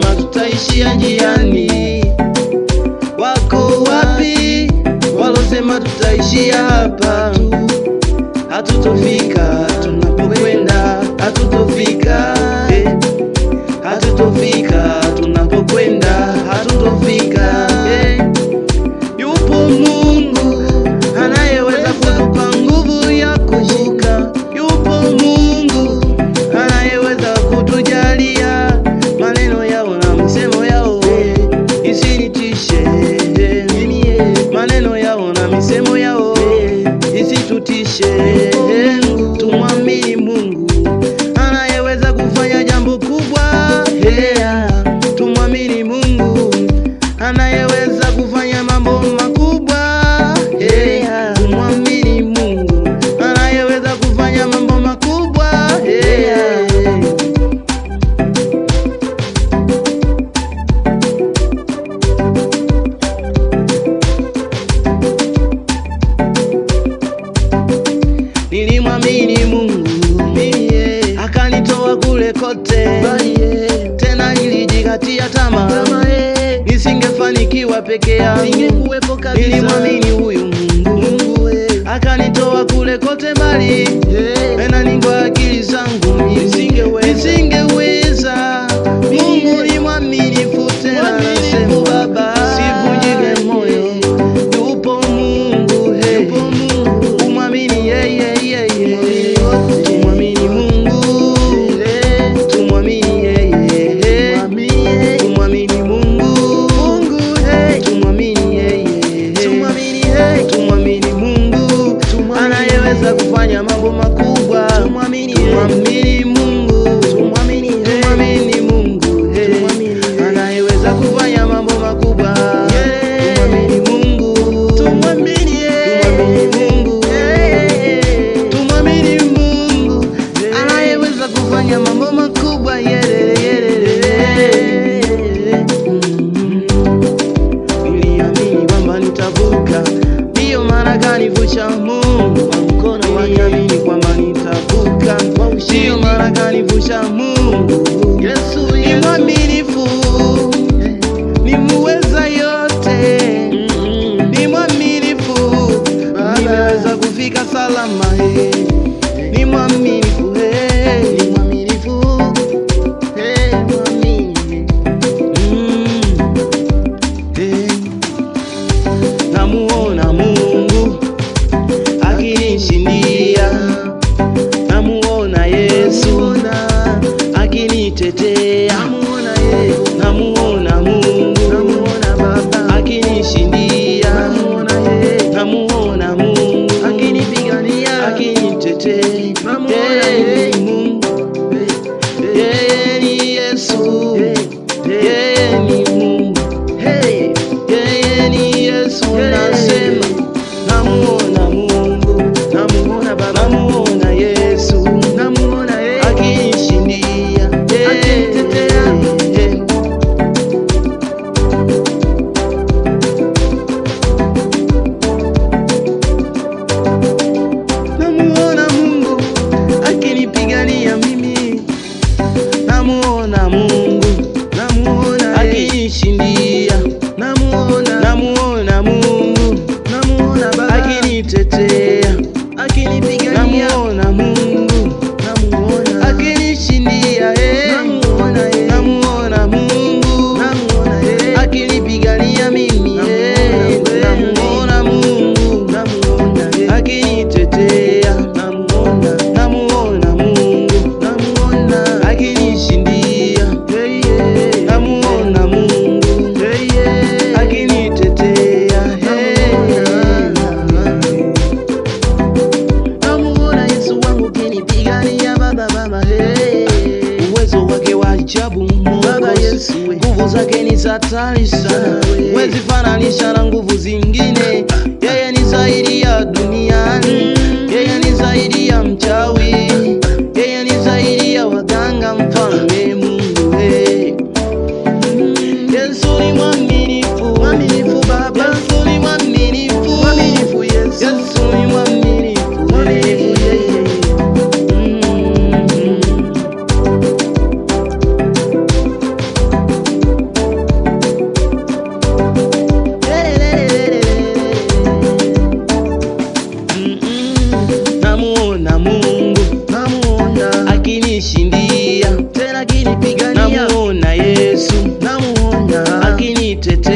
njema tutaishia njiani. Wako wapi walosema tutaishia hapa? Hatutofika tunapokwenda hatutofika kote kote, tena nilijikatia tamaa, nisingefanikiwa peke nilimwamini huyu Mungu akanitoa kule kote mbali, tena ningwa akili zangu nisinge Tunaweza kufanya mambo makubwa yele yele. Niliamini kwamba nitavuka, ndiyo maana kanivusha Mungu kwa mkono wake. Amini kwamba nitavuka, ndiyo maana kanivusha Mungu. Yesu ni mwaminifu, ni muweza yote, ni mwaminifu, ninaweza kufika salama. Eh. day. namuona Mungu namuona akinishindia namuona namuona Mungu namuona akinitetea mama hey. Uwezo wake wa ajabu Baba Yesu, eh. nguvu zake ni hatari sana, eh. wezi fananisha na nguvu zingine ah, ah. yeye need to